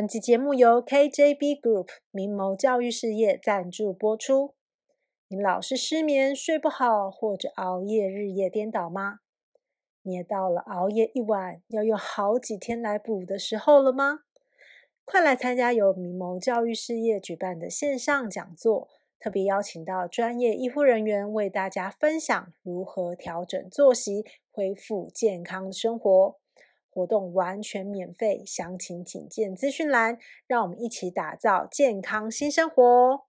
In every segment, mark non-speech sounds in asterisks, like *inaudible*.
本集節目由 KJB Group 明眸教育事業贊助播出。你老是失眠，睡不好，或者熬夜日夜顛倒嗎？你也到了熬夜一晚，要用好幾天來補的時候了嗎？快來參加由明眸教育事業舉辦的線上講座，特別邀請到專業醫護人員為大家分享如何調整作息，恢復健康生活。活動完全免費，詳情請見資訊欄。讓我們一起打造健康新生活。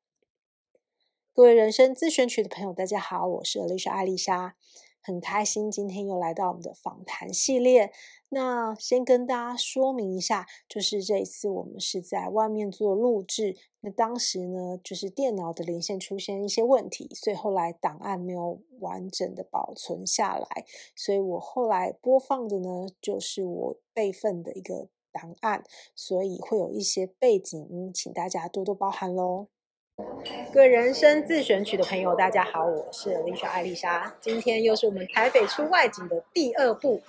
各位人生自選曲的朋友，大家好，我是 Alisha 艾麗莎。很開心今天又來到我們的訪談系列。那先跟大家說明一下，就是這一次我們是在外面做錄制。那當時呢，就是電腦的連線出現一些問題，所以後來檔案沒有完整的保存下來。所以我後來播放的呢，就是我備份的一個檔案，所以會有一些背景音，請大家多多包涵嘍。各位人生自選曲的朋友，大家好，我是林巧艾麗莎，今天又是我們台北出外景的第二部，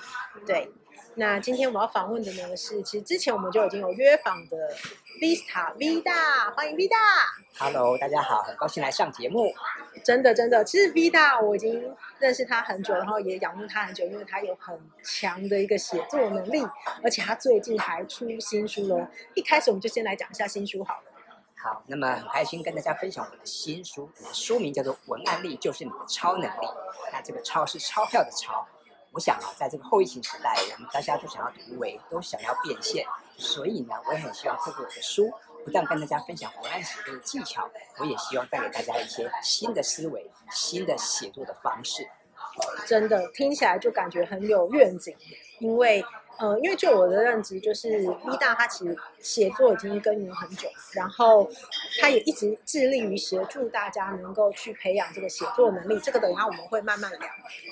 對。那今天我們要訪問的呢是，其實之前我們就已經有約訪的 Vista V 大歡迎 V 大。Hello，大家好，很高興來上節目。真的真的，其實 V 大我已經認識他很久，然後也仰慕他很久，因為他有很強的一個寫作能力，而且他最近還出新書了。一開始我們就先來講一下新書好了。好，那麼很開心跟大家分享我的新書，書名叫做《文案力就是你的鈔能力》。那這個鈔是鈔票的鈔。我想啊，在這個後疫情時代，我們大家都想要突圍，都想要變現，所以呢，我也很希望透過我的書，不但跟大家分享文案寫作的技巧，我也希望帶給大家一些新的思維、新的寫作的方式。真的聽起來就感覺很有願景，因為。呃，因為就我的認知，就是 V 大他其實寫作已經耕耘很久，然後他也一直致力於協助大家能夠去培養這個寫作能力。這個等一下我們會慢慢聊。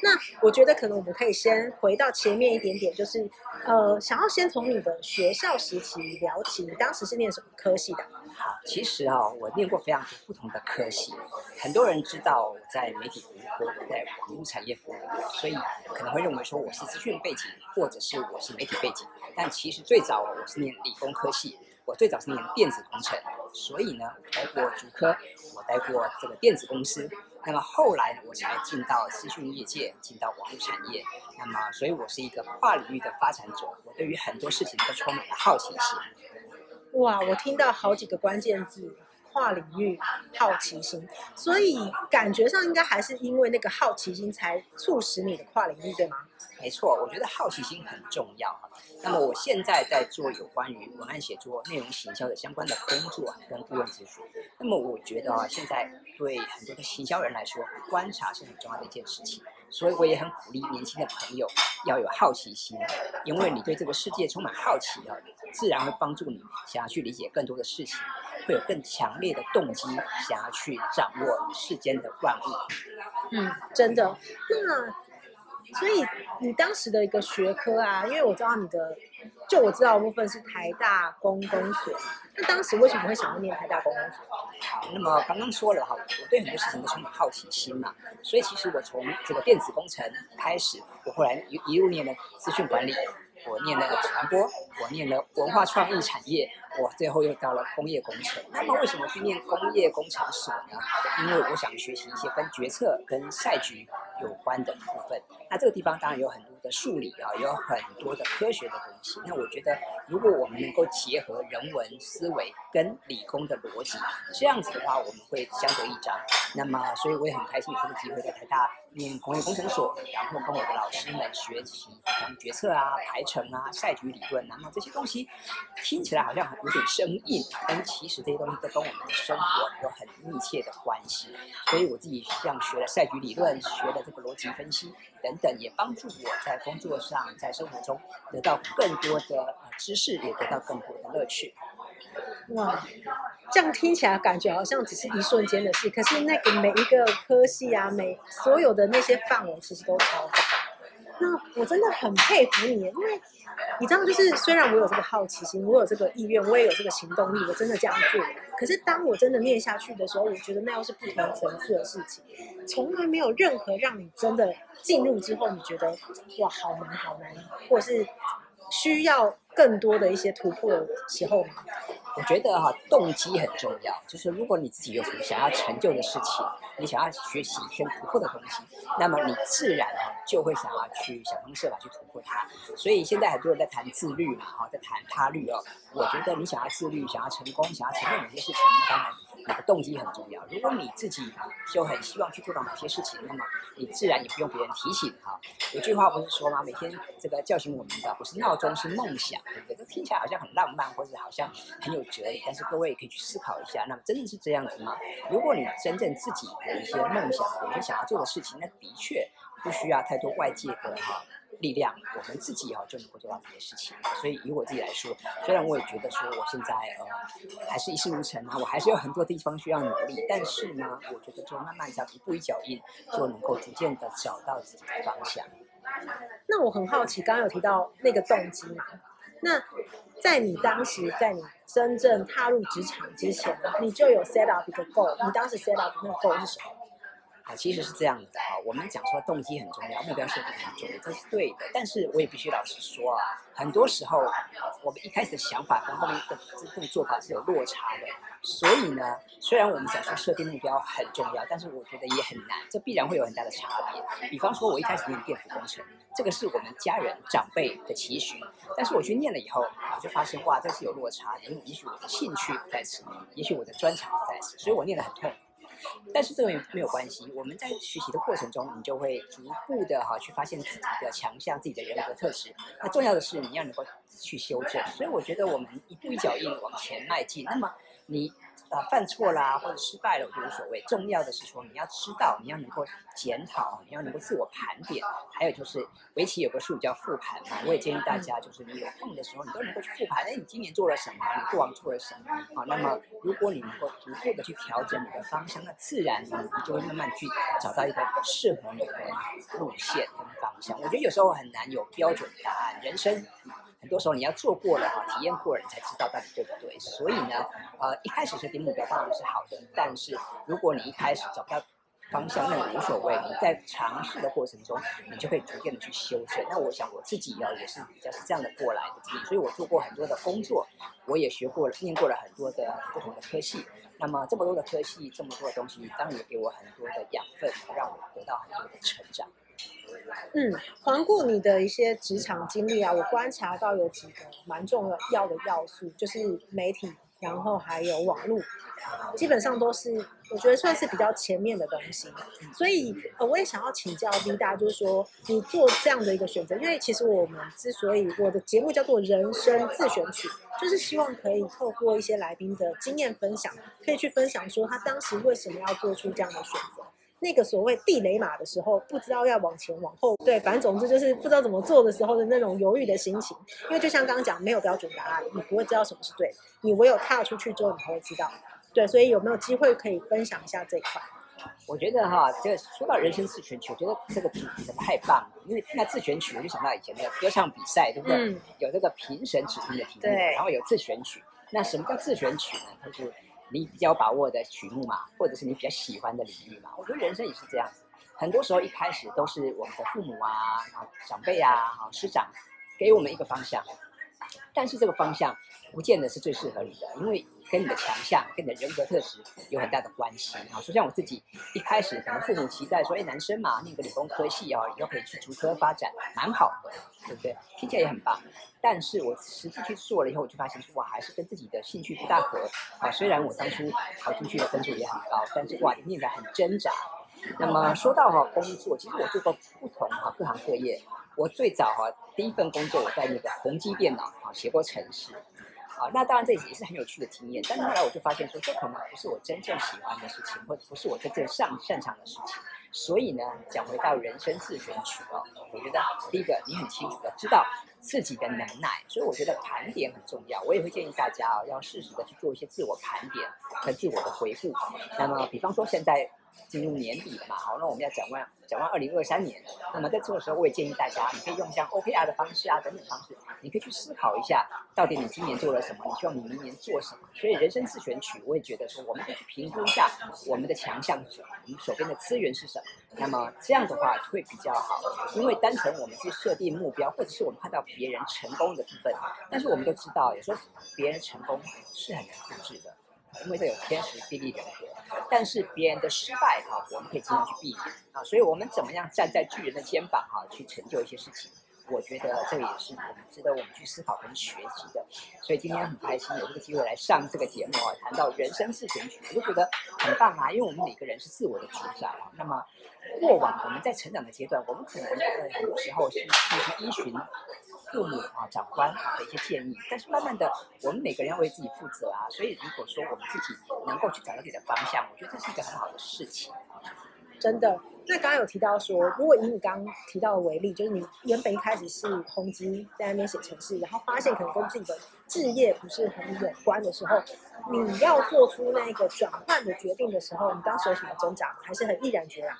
那我覺得可能我們可以先回到前面一點點，就是呃，想要先從你的學校時期聊起，你當時是念什麽科系的？好，其實啊、哦，我念過非常多不同的科系，很多人知道。在媒體服務，在網絡產業服務，所以可能會認為說我是資訊背景，或者是我是媒體背景。但其實最早我是念理工科系，我最早是念電子工程，所以呢，我待過主科，我待過這個電子公司。那麼後來我才進到資訊業界，進到網絡產業。那麼，所以我是一個跨領域的發展者，我對於很多事情都充滿了好奇心。哇，我聽到好幾個關鍵字。跨領域、好奇心，所以感覺上應該還是因為那個好奇心才促使你的跨領域的，對嗎？沒錯，我覺得好奇心很重要。那麼我現在在做有關於文案寫作、內容行銷的相關的工作跟顧問諮詢。那麼我覺得啊，現在對很多的行銷人來說，觀察是很重要的一件事情。所以我也很鼓勵年輕的朋友要有好奇心，因為你對這個世界充滿好奇啊，自然會幫助你想要去理解更多的事情，會有更強烈的動機想要去掌握世間的萬物。嗯，真的。那、嗯。所以你當時的一個學科啊，因為我知道你的，就我知道的部分是台大工工所。那當時為什麼會想要念台大工工所？好，那麼剛剛說了哈，我對很多事情都充滿好奇心嘛。所以其實我從這個電子工程開始，我後來一一路念了資訊管理，我念了傳播，我念了文化創意產業。我最後又到了工業工程，那麼為什麼去念工業工程所呢？因為我想學習一些跟決策跟賽局有關的部分。那這個地方當然有很多的數理啊，有很多的科學的東西。那我覺得，如果我們能夠結合人文思維跟理工的邏輯，這樣子的話，我們會相得益彰。那麼，所以我也很開心有這個機會在台大念工業工程所，然後跟我的老師們學習什麼決策啊、排程啊、賽局理論啊，那麼這些東西聽起來好像很。有點生硬，但其實這些東西都跟我們的生活有很密切的關係。所以我自己像學了賽局理論，學了這個邏輯分析等等，也幫助我在工作上、在生活中得到更多的知識，也得到更多的樂趣。哇，這樣聽起來感覺好像只是一瞬間的事，可是那個每一個科系啊，每所有的那些範圍，其實都超那我真的很佩服你，因為你知道，就是雖然我有這個好奇心，我有這個意願，我也有這個行動力，我真的這樣做，可是當我真的念下去的時候，我覺得那又是不同層次的事情，從來沒有任何讓你真的進入之後，你覺得哇，好難，好難，或是。需要更多的一些突破的時候嘛，我覺得哈、啊，動機很重要。就是如果你自己有什麼想要成就的事情，你想要學習一些突破的東西，那麼你自然、啊、就會想要去想方設法去突破它。所以現在很多人在談自律嘛，哈，在談他律哦、啊。我覺得你想要自律、想要成功、想要成就某些事情、啊，當然。那個動機很重要。如果你自己就很希望去做到某些事情，那麼你自然也不用別人提醒哈。有句話不是說嗎？每天這個叫醒我們的不是鬧鐘，是夢想。這聽起來好像很浪漫，或者好像很有哲理。但是各位可以去思考一下，那麼真的是這樣子嗎？如果你真正自己有一些夢想，有一些想要做的事情，那的確不需要太多外界的哈。力量，我們自己哈就能夠做到這些事情。所以以我自己來說，雖然我也覺得說我現在呃還是一事無成啊，我還是有很多地方需要努力。但是呢，我覺得就慢慢一步一步一腳印，就能夠逐漸的找到自己的方向。那我很好奇，剛剛有提到那個動機嘛。那在你當時，在你真正踏入職場之前，你就有 set up 一個 goal，你當時 set up 那個 goal 是什麼？啊，其實是這樣的啊，我們講說動機很重要，目標設定很重要，這是對的。但是我也必須老實說啊，很多時候、啊、我們一開始的想法跟後面的這個做法是有落差的。所以呢，雖然我們講說設定目標很重要，但是我覺得也很難，這必然會有很大的差別。比方說我一開始念電子工程，這個是我們家人長輩的期許，但是我去念了以後，我、啊、就發現哇，這是有落差。因為也許我的興趣不在此，也許我的專長不在此，所以我念得很痛。但是這個沒有關係，我們在學習的過程中，你就會逐步的哈去發現自己的強項、自己的人格特質。那重要的是你要能夠去修正。所以我覺得我們一步一腳印往前邁進。那麼你。啊，犯錯啦或者失敗了，我都無所謂。重要的是說，你要知道，你要能夠檢討，你要能夠自我盤點。還有就是，圍棋有個術語叫復盤嘛，我也建議大家，就是你有空的時候，你都能夠去復盤。哎，你今年做了什麼？你過往做了什麼？啊，那麼如果你能夠逐步地去調整你的方向，那自然你你就會慢慢去找到一個適合你的路線跟方向。我覺得有時候很難有標準的答案，人生。很多時候你要做過了哈，體驗過了，你才知道到底對不對。所以呢，呃，一開始設定目標當然是好的，但是如果你一開始找不到方向，那也無所謂。你在嘗試的過程中，你就會逐漸的去修正。那我想我自己要、啊，也是比較是這樣的過來的。所以我做過很多的工作，我也學過了、念過了很多的不同的科系。那麼這麼多的科系，這麼多的東西，當然也給我很多的養分，讓我得到很多的成長。嗯，環顧你的一些職場經歷啊，我觀察到有幾個蠻重要、的要素，就是媒體，然後還有網絡，基本上都是我覺得算是比較前面的東西。所以，我也想要請教 V 大，就是說你做這樣的一個選擇，因為其實我們之所以我的節目叫做《人生自選曲》，就是希望可以透過一些來賓的經驗分享，可以去分享說他當時為什麼要做出這樣的選擇。那個所謂地雷馬的時候，不知道要往前往後，對，反正總之就是不知道怎麼做的時候的那種猶豫的心情，因為就像剛剛講，沒有標準答案，你不會知道什麼是對的，你唯有踏出去之後，你才會知道。對，所以有沒有機會可以分享一下這一塊？我覺得哈，這說到人生自選曲，我覺得這個題題的太棒了，因為那自選曲，我就想到以前的歌唱比賽，對不對？有這個評審指定的題目，嗯、然後有自選曲，那什麼叫自選曲呢？他、就是。你比較把握的曲目嘛，或者是你比較喜歡的領域嘛？我覺得人生也是這樣子，很多時候一開始都是我們的父母啊、長輩啊、師長給我們一個方向，但是這個方向不見得是最適合你的，因為。跟你的強項，跟你的人格特質有很大的關係啊。所以像我自己一開始，可能父母期待說：“哎、欸，男生嘛，念、那個理工科系哦，以後可以去竹科發展，蠻好的，對不對？聽起來也很棒。”但是我實際去做了以後，我就發現說，我還是跟自己的興趣不大合啊。雖然我當初考進去的分數也很高，但是哇，念得很掙扎。那麼說到哈工作，其實我做過不同哈各行各業。我最早哈第一份工作，我在那個宏碁電腦啊，寫過程式。好，那當然這也是很有趣的經驗，但是後來我就發現說，這可能不是我真正喜歡的事情，或者不是我真正擅擅長的事情，所以呢，講回到人生自選曲哦，我覺得第一個你很清楚的知道自己的能耐，所以我覺得盤點很重要，我也會建議大家哦，要適時的去做一些自我盤點和自我的回顧，那麼比方說現在。進入年底了嘛，好，那我們要展望展望二零二三年。那麼在做的時候，我也建議大家，你可以用像 OKR 的方式啊，等等方式，你可以去思考一下，到底你今年做了什麼，你希望你明年做什麼。所以人生自選取，我也覺得說，我們可以去評估一下我們的強項是什麼，我們手邊的資源是什麼。那麼這樣的話會比較好，因為單純我們去設定目標，或者是我們看到別人成功的部分，但是我們都知道，有時候別人成功是很難複製的。因為他有天時地利人和，但是別人的失敗哈、啊，我們可以盡量去避免啊。所以，我們怎麼樣站在巨人的肩膀，哈、啊，去成就一些事情？我覺得這個也是我們值得我們去思考跟學習的。所以今天很開心有這個機會來上這個節目啊，談到人生自選曲，我就覺得很棒啊。因為我們每個人是自我的主張啊。那麼，過往我們在成長的階段，我們可能有、呃、時候是是依循。父母啊，長官啊的一些建議，但是慢慢的，我們每個人要為自己負責啊。所以如果說我們自己能夠去找到自己的方向，我覺得這是一個很好的事情，真的。那剛剛有提到說，如果以你剛剛提到的為例，就是你原本一開始是通緝在那邊寫程式，然後發現可能跟自己的志業不是很有關的時候，你要做出那個轉換的決定的時候，你當時有什麼掙扎？還是很毅然決然？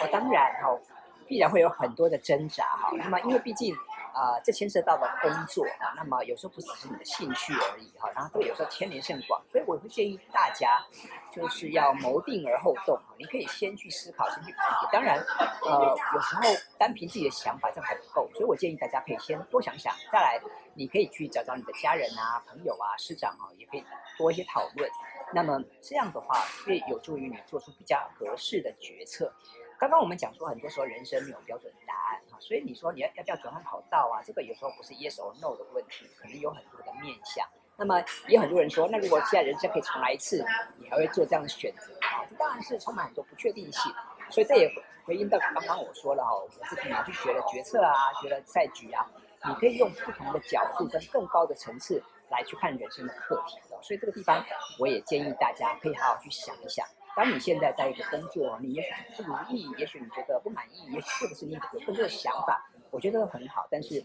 我、哦、當然哦，必然會有很多的掙扎哈。那麼因為畢竟。啊、呃，這牽涉到的工作啊，那麼有時候不只是你的興趣而已哈、啊，然後這個有時候牽連甚廣，所以我會建議大家，就是要謀定而後動。你可以先去思考，先去考慮。當然，呃，有時候單憑自己的想法這還不夠，所以我建議大家可以先多想想，再來你可以去找找你的家人啊、朋友啊、師長啊，也可以多一些討論。那麼這樣的話，會有助於你做出比較合適的決策。剛剛我們講說，很多時候人生沒有標準答案哈，所以你說你要要不要轉換跑道啊？這個有時候不是 yes or no 的問題，可能有很多的面向。那麼也很多人說，那如果現在人生可以重來一次，你還會做這樣的選擇啊？這當然是充滿很多不確定性。所以這也回應到剛剛我說了哈、哦，我自己拿去學了決策啊，學了賽局啊，你可以用不同的角度跟更高的層次來去看人生的課題。所以這個地方，我也建議大家可以好好去想一想。當你現在在一個工作，你也許不如意，也許你覺得不滿意，也許或者是你有更多的想法，我覺得很好。但是，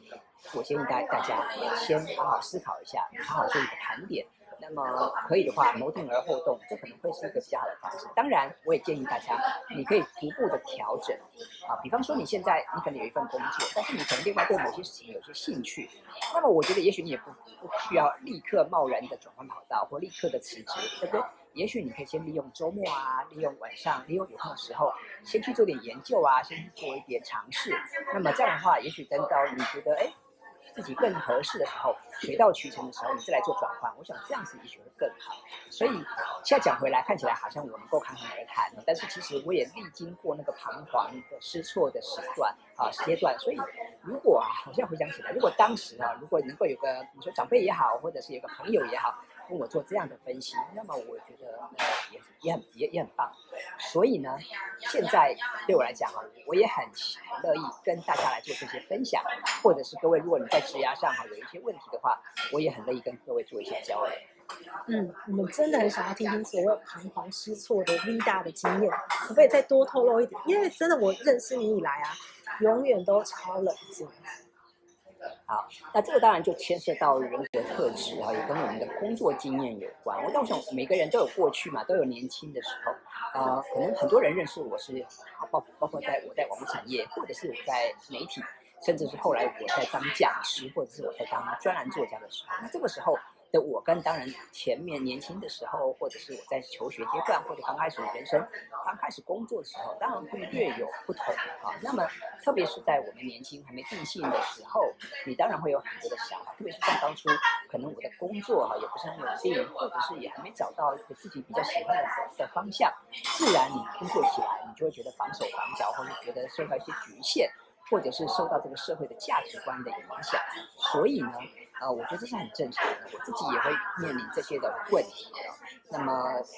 我建議大家先好好思考一下，好好做一個盤點。那麼可以的話，謀定而後動，這可能會是一個比較好的方式。當然，我也建議大家，你可以逐步的調整。啊，比方說你現在你可能有一份工作，但是你可能另外對某些事情有些興趣。那麼我覺得也許你也不不需要立刻貿然的轉換跑道，或立刻的辭職，對不對？也許你可以先利用周末啊，利用晚上，利用午後的時候啊，先去做點研究啊，先去做一點嘗試。那麼這樣的話，也許等到你覺得哎、欸，自己更合適的時候，水到渠成的時候，你再來做轉換。我想這樣子也許會更好。所以現在講回來，看起來好像我能夠侃侃而談，但是其實我也歷經過那個彷徨和失措的時段啊階段。所以如果啊，我現在回想起來，如果當時啊，如果能夠有個你說長輩也好，或者是有個朋友也好。跟我做這樣的分析，那麼我覺得也也很也，也很棒。所以呢，現在對我來講，啊、我也很樂意跟大家來做這些分享，或者是各位，如果你在職涯上哈有一些問題的話，我也很樂意跟各位做一些交流。嗯，你們真的很想要聽聽所有彷徨失措的 V 大的經驗，可不可以再多透露一點？因為真的，我認識你以來啊，永遠都超冷靜。好，那這個當然就牽涉到人格特質，啊，也跟我們的工作經驗有關。我倒想，每個人都有過去嘛，都有年輕的時候，啊、呃，可能很多人認識我是，包包括在我在網路產業，或者是我在媒體，甚至是後來我在當講師，或者是我在當專欄作家的時候，那這個時候。的我跟當然前面年輕的時候，或者是我在求學階段，或者剛開始人生、剛開始工作的時候，當然會略有不同啊。那麼，特別是在我們年輕還沒定性的時候，你當然會有很多的想法。特別是像當初，可能我的工作哈、啊、也不是很穩定，或者是也還沒找到一個自己比較喜歡的的方向，自然你工作起來，你就會覺得綁手綁腳，或者覺得受到一些局限，或者是受到這個社會的價值觀的影響。所以呢，啊、呃，我覺得這是很正常的，我自己也會面臨這些的問題啊、哦。那麼，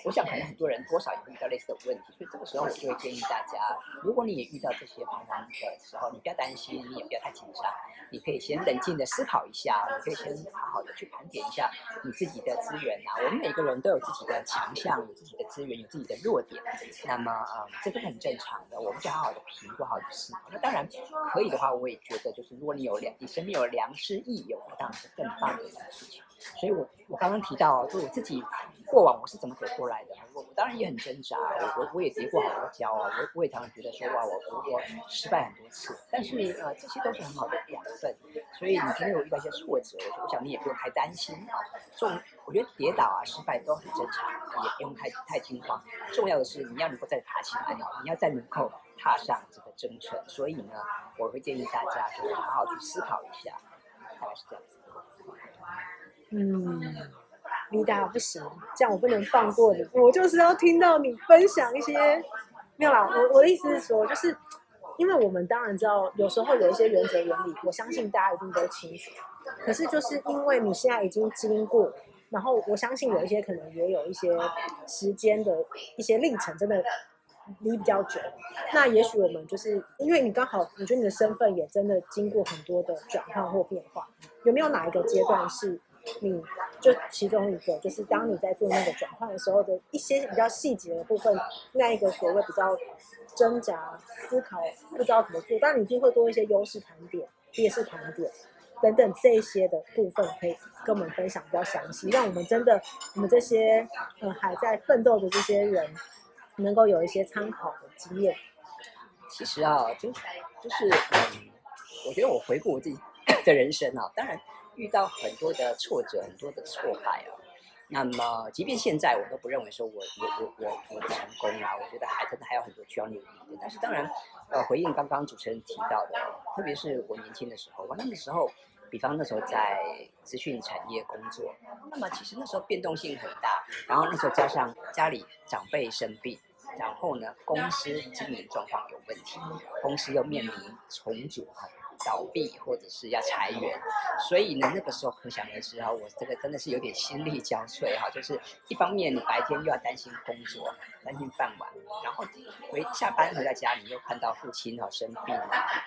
我想可能很多人多少也會遇到類似的問題，所以這個時候我就會建議大家，如果你也遇到這些煩惱的時候，你不要擔心，你也不要太緊張，你可以先冷靜的思考一下，你可以先好好的去盤點一下你自己的資源啊。我們每個人都有自己的強項，有自己的資源，有自己的，自己的弱點，那麼啊、呃，這都是很正常的。我們就好好的評估好自己。那當然可以的話，我也覺得就是，如果你有良，你身邊有良師益友，當然。更棒的一件事情，所以我我剛剛提到，就我自己過往我是怎麼走過來的，我我當然也很掙扎，我我也跌過好多跤，我我也常常覺得說哇、啊，我我我失敗很多次，但是呃這些都是很好的養分，所以你今天有遇到一些挫折，我想你也不用太擔心啊。重我覺得跌倒啊失敗都很正常，也不用太太驚慌，重要的是你要能夠再爬起來，你要再能夠踏上這個征程。所以呢，我會建議大家就是好好去思考一下，大概是這樣子。嗯，你打不行，這樣我不能放過你。我就是要聽到你分享一些。沒有啦，我我的意思是說，就是因為我們當然知道，有時候有一些原則原理，我相信大家一定都清楚。可是就是因為你現在已經經過，然後我相信有一些可能也有一些時間的一些歷程，真的離比較久。那也許我們就是因為你剛好，我覺得你的身份也真的經過很多的轉換或變化，有沒有哪一個階段是？你就其中一個，就是當你在做那個轉換的時候的一些比較細節的部分，那一個所謂比較掙扎、思考不知道怎麼做，但你就會多一些優勢盤點、劣勢盤點等等這些的部分，可以跟我們分享比較詳細，讓我們真的我們這些呃還在奮鬥的這些人能夠有一些參考的經驗。其實啊，就是就是，嗯，我覺得我回顧我自己的人生啊，當然。遇到很多的挫折，很多的挫敗啊。那麼，即便現在我都不認為說我我我我我成功了啊，我覺得還還還有很多需要努力的。但是當然，呃，回應剛剛主持人提到的，特別是我年輕的時候，我那個時候，比方那時候在資訊產業工作，那麼其實那時候變動性很大，然後那時候加上家裡長輩生病，然後呢，公司經營狀況有問題，公司又面臨重組倒閉或者是要裁員，所以呢，那個時候可想而知哈，我這個真的是有點心力交瘁哈。就是一方面你白天又要擔心工作，擔心飯碗，然後回下班回到家你又看到父親哈生病，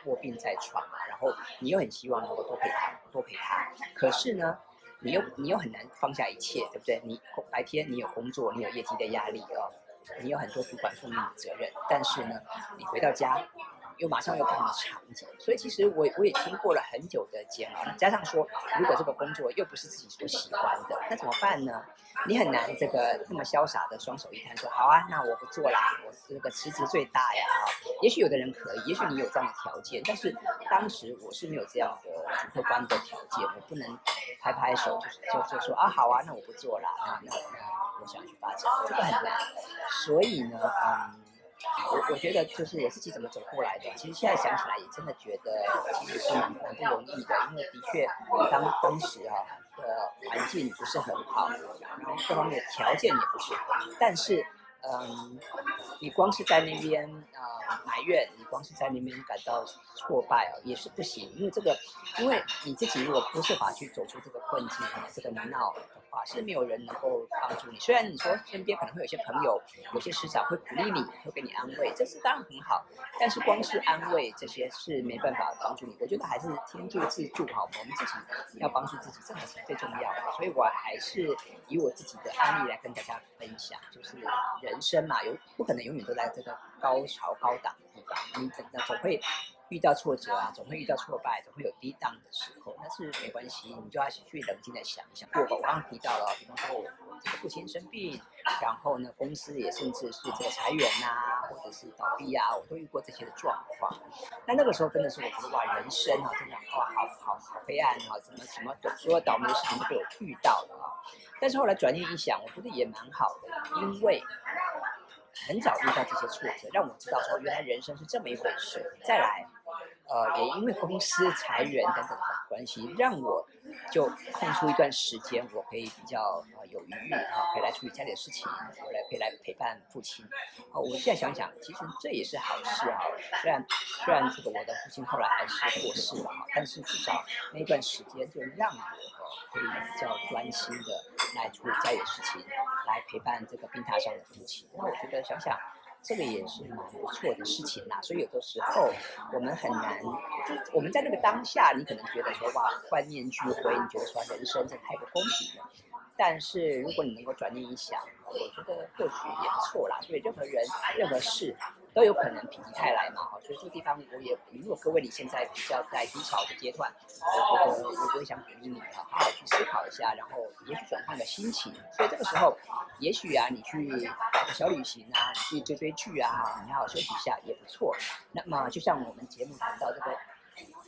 臥病在床，然後你又很希望能夠多陪他，多陪他，可是呢，你又你又很難放下一切，對不對？你白天你有工作，你有業績的壓力哦，你有很多主管賦予的責任，但是呢，你回到家。又馬上又不能長久，所以其實我我也經過了很久的煎熬，加上說如果這個工作又不是自己所喜歡的，那怎麼辦呢？你很難這個這麼瀟灑的雙手一攤說好啊，那我不做啦，我這個辭職最大呀也許有的人可以，也許你有這樣的條件，但是當時我是沒有這樣的主客觀的條件，我不能拍拍手就是就就是說啊好啊，那我不做啦啊，那,那,那我想去發展，這個很難，所以呢，嗯。我我覺得就是我自己怎麼走過來的，其實現在想起來也真的覺得其實是蠻蠻不容易的，因為的確當當時啊的、這個、環境不是很好，然後各方面條件也不是很，但是。嗯，你光是在那邊啊、呃、埋怨，你光是在那邊感到挫敗哦，也是不行。因為這個，因為你自己如果不設法去走出這個困境，這個泥淖的話，是沒有人能夠幫助你。雖然你說身邊可能會有些朋友，有些師長會鼓勵你，會給你安慰，這是當然很好，但是光是安慰這些是沒辦法幫助你。我覺得還是天助自助哈，我們自己要幫助自己，這才是最重要的。所以我還是以我自己的案例來跟大家分享，就是人。人生嘛，有不可能永遠都在這個高潮高檔的地方，你真的總會，遇到挫折啊，總會遇到挫敗，總會有跌宕的時候，但是沒關係，你就要去冷靜的想一想過。我我剛剛提到了，比方說我這個父親生病，然後呢，公司也甚至是這個裁員吶，或者是倒閉啊，我都遇過這些的狀況。那那個時候真的是我覺得哇，人生啊，真的哇，好好好黑暗啊、哦，怎麼什麼所有倒霉的事情都被我遇到了啊！但是後來轉念一想，我覺得也蠻好的，因為很早遇到這些挫折，讓我知道說，原來人生是這麼一回事。再來。呃，也因為公司裁員等等的關係，讓我就空出一段時間，我可以比較呃有餘力哈，可以來處理家裡的事情，然後來可以來陪伴父親。哦、啊，我現在想想，其實這也是好事啊。雖然雖然這個我的父親後來還是過世了哈，但是至少那段時間就讓我、啊、可以比較專心的來處理家裡的事情，來陪伴這個病榻上的父親。那、啊、我覺得想想。這個也是蠻不錯的事情啦。所以有的時候我們很難，就我們在那個當下，你可能覺得說哇，萬念俱灰，你覺得說人生這太不公平了。但是如果你能夠轉念一想，我覺得或許也不錯啦。對任何人、任何事。都有可能否極泰來嘛，哈，所以這個地方我也，如果各位你現在比較在低潮的階段，我我我我也想鼓勵你好好去思考一下，然後也許轉換個心情，所以這個時候也許啊，你去個小旅行啊，你去追追劇啊，你好好休息一下也不錯。那麼就像我們節目談到這個。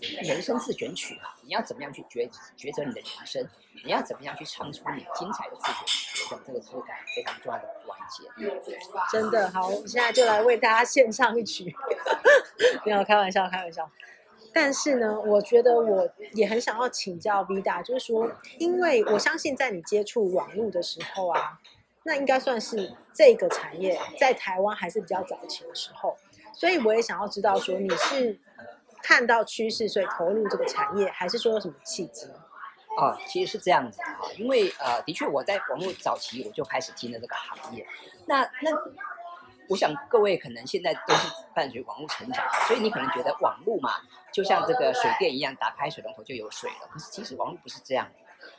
人生自選曲啊，你要怎麼樣去抉抉擇你的人生？你要怎麼樣去唱出你精彩的自己？等這，這個是非常重要的環節，嗯。真的好，我現在就來為大家獻上一曲。你 *laughs* 好開玩笑，開玩笑。但是呢，我覺得我也很想要請教 V 大，就是說，因為我相信在你接觸網絡的時候啊，那應該算是這個產業在台灣還是比較早期的時候，所以我也想要知道說你是。看到趨勢，所以投入這個產業，還是說有什麼契機？哦，其實是這樣子的哈、啊，因為呃，的確我在網絡早期我就開始進了這個行業。那那，我想各位可能現在都是伴隨網絡成長，所以你可能覺得網絡嘛，就像這個水電一樣，打開水龍頭就有水了。可是其實網絡不是這樣的，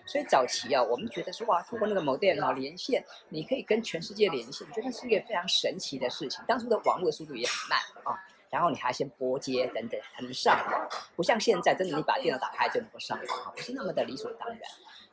所以早期啊，我們覺得說哇，通過那個某電腦連線，你可以跟全世界連線，覺得那是一個非常神奇的事情。當初的網絡速度也很慢啊。然後你還要先撥接等等，才能上網，不像現在真的你把電腦打開就能夠上網，不是那麼的理所當然。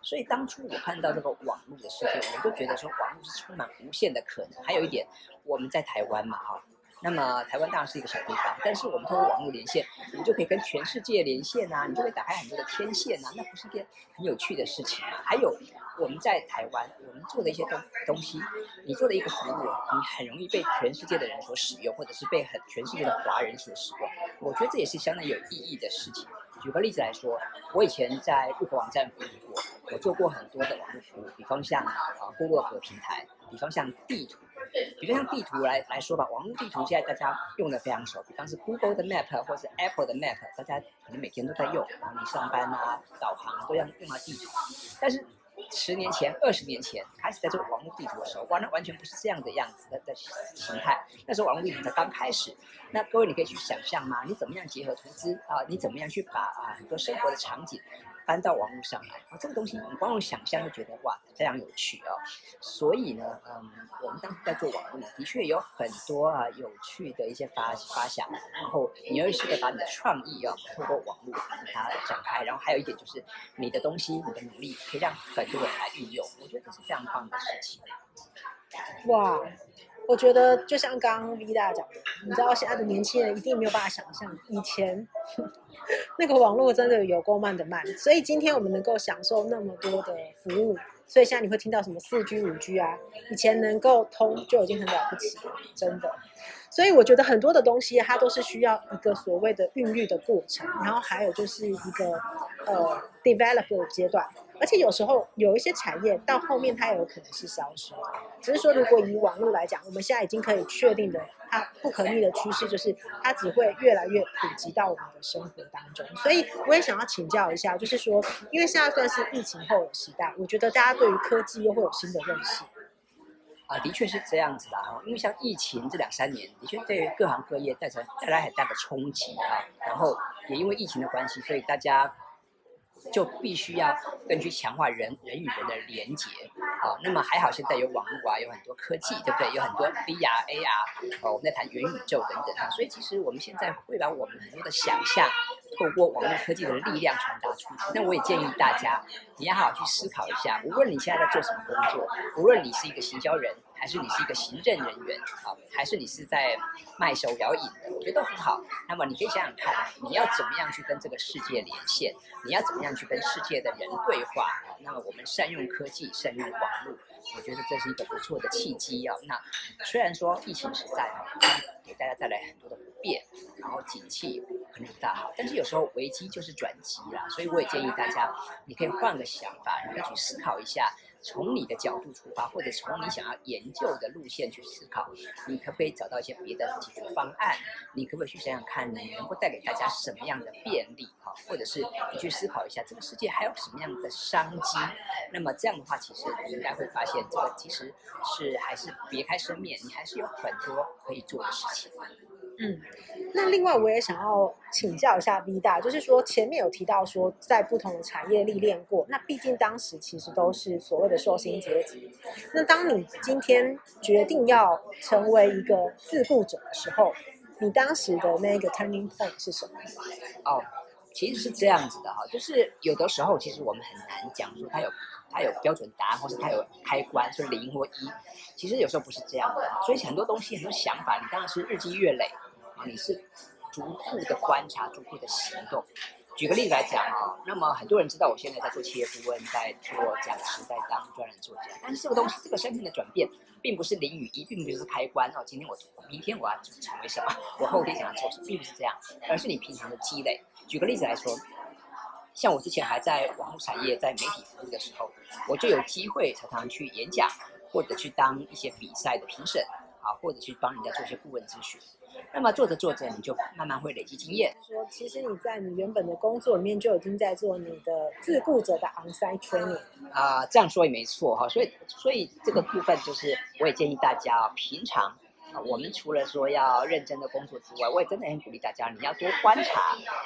所以當初我看到這個網絡的世界，我就覺得說，網絡是充滿無限的可能。還有一點，我們在台灣嘛，哈。那麼台灣當然是一個小地方，但是我們通過網絡連線，你就可以跟全世界連線吶、啊，你就可以打開很多的天線吶、啊，那不是一件很有趣的事情？還有我們在台灣，我們做的一些東東西，你做的一個服務，你很容易被全世界的人所使用，或者是被很全世界的華人所使用。我覺得這也是相當有意義的事情。舉個例子來說，我以前在日本網站服務過。我做過很多的網絡服務，比方像啊、啊 Google 和平台，比方像地圖，比方像地圖來來說吧，網絡地圖現在大家用的非常熟，比方是 Google 的 Map 或是 Apple 的 Map，大家可能每天都在用，然後你上班吶、啊、導航、啊、都要用到地圖。但是十年前、二十年前開始在做網絡地圖的時候，完那完全不是這樣的樣子的的形態，那時候網絡地圖才剛開始。那各位你可以去想象嗎？你怎麼樣結合圖資啊？你怎麼樣去把啊，很多生活的場景？搬到網絡上來啊，這個東西你光用想象就覺得哇，非常有趣啊、哦，所以呢，嗯，我們當時在做網絡的確有很多啊有趣的一些發發想，然後你又試着把你的創意啊透過網絡把、嗯、它展開，然後還有一點就是你的東西、你的努力可以讓很多人來運用，我覺得是這是非常棒的事情。哇！我覺得就像剛剛 V 大講的，你知道現在的年輕人一定沒有辦法想象以前那個網絡真的有夠慢的慢，所以今天我們能夠享受那麼多的服務，所以現在你會聽到什麼四 G、五 G 啊，以前能夠通就已經很了不起，真的。所以我覺得很多的東西它都是需要一個所謂的孕育的過程，然後還有就是一個呃 develop 的階段。而且有時候有一些產業到後面它也有可能是消失的，只是說如果以網絡來講，我們現在已經可以確定的，它不可逆的趨勢就是它只會越來越普及到我們的生活當中。所以我也想要請教一下，就是說，因為現在算是疫情後的時代，我覺得大家對於科技又會有新的認識。啊，的確是這樣子的，因為像疫情這兩三年，的確對於各行各業帶來帶來很大的衝擊啊。然後也因為疫情的關係，所以大家。就必須要更去強化人人與人的連結，啊，那麼還好現在有網絡啊，有很多科技，對不對？有很多 VR、AR 啊、哦，我們在談元宇宙等等啊，所以其實我們現在會把我們很多的想象透過網絡科技的力量傳達出去。那我也建議大家，你要好好去思考一下，無論你現在在做什麼工作，無論你是一個行銷人。還是你是一個行政人員啊，還是你是在賣手搖飲的，我覺得都很好。那麼你可以想想看，你要怎麼樣去跟這個世界連線？你要怎麼樣去跟世界的人對話啊，那麼我們善用科技，善用網絡，我覺得這是一個不錯的契機啊。那雖然說疫情實在啊，給大家帶來很多的不便，然後景氣可能不大好，但是有時候危機就是轉機啦。所以我也建議大家，你可以換個想法，你去思考一下。從你的角度出發，或者從你想要研究的路線去思考，你可不可以找到一些別的解決方案？你可不可以去想想看，你能夠帶給大家什麼樣的便利？哈，或者是你去思考一下，這個世界還有什麼樣的商機？那麼這樣的話，其實你應該會發現，這個、其實是還是別開生面，你還是有很多可以做的事情。嗯，那另外我也想要請教一下 V 大，就是說前面有提到說在不同的產業歷練過，那畢竟當時其實都是所謂的受薪階級。那當你今天決定要成為一個自雇者的時候，你當時的那個 turning point 是什麼？哦，oh, 其實是這樣子的哈，就是有的時候其實我們很難講說它有它有標準答案，或者是它有開關，就是零或一。其實有時候不是這樣的，所以很多東西很多想法，你當然是日積月累。啊，你是逐步的觀察，逐步的行動。舉個例子來講啊、哦，那麼很多人知道我現在在做企業顧問，在做講師，在當專欄作家。但是，是這個東西，這個身份的轉變，並不是零與一，並不是開關哦。今天我，明天我要成為什麼？我後天想要做什麼？並不是這樣，而是你平常的積累。舉個例子來說，像我之前還在網絡產業、在媒體服務的時候，我就有機會常常去演講，或者去當一些比賽的評審，啊，或者去幫人家做一些顧問諮詢。那麼做着做着，你就慢慢會累積經驗。說，其實你在你原本的工作裡面就已經在做你的自雇者的 onsite training。啊、呃，這樣說也沒錯哈。所以，所以這個部分就是，我也建議大家平常。啊、我們除了說要認真的工作之外，我也真的很鼓勵大家，你要多觀察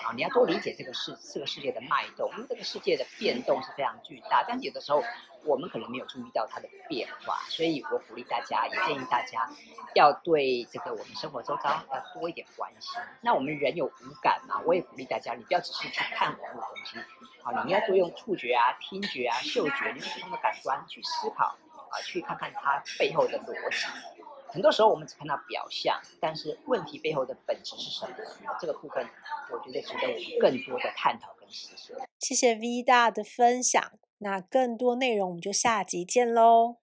啊，你要多理解這個世這個世界的脈動，因為這個世界的變動是非常巨大，但有的時候我們可能沒有注意到它的變化，所以我鼓勵大家，也建議大家要對這個我們生活周遭要多一點關心。那我們人有五感嘛，我也鼓勵大家，你不要只是去看網絡的東西，啊，你要多用觸覺啊、聽覺啊、嗅覺，用不同的感官去思考啊，去看看它背後的邏輯。很多時候我們只看到表象，但是問題背後的本質是什麼？這個部分我覺得值得我們更多的探討跟思索。謝謝 V 大的分享，那更多內容我們就下集見囉。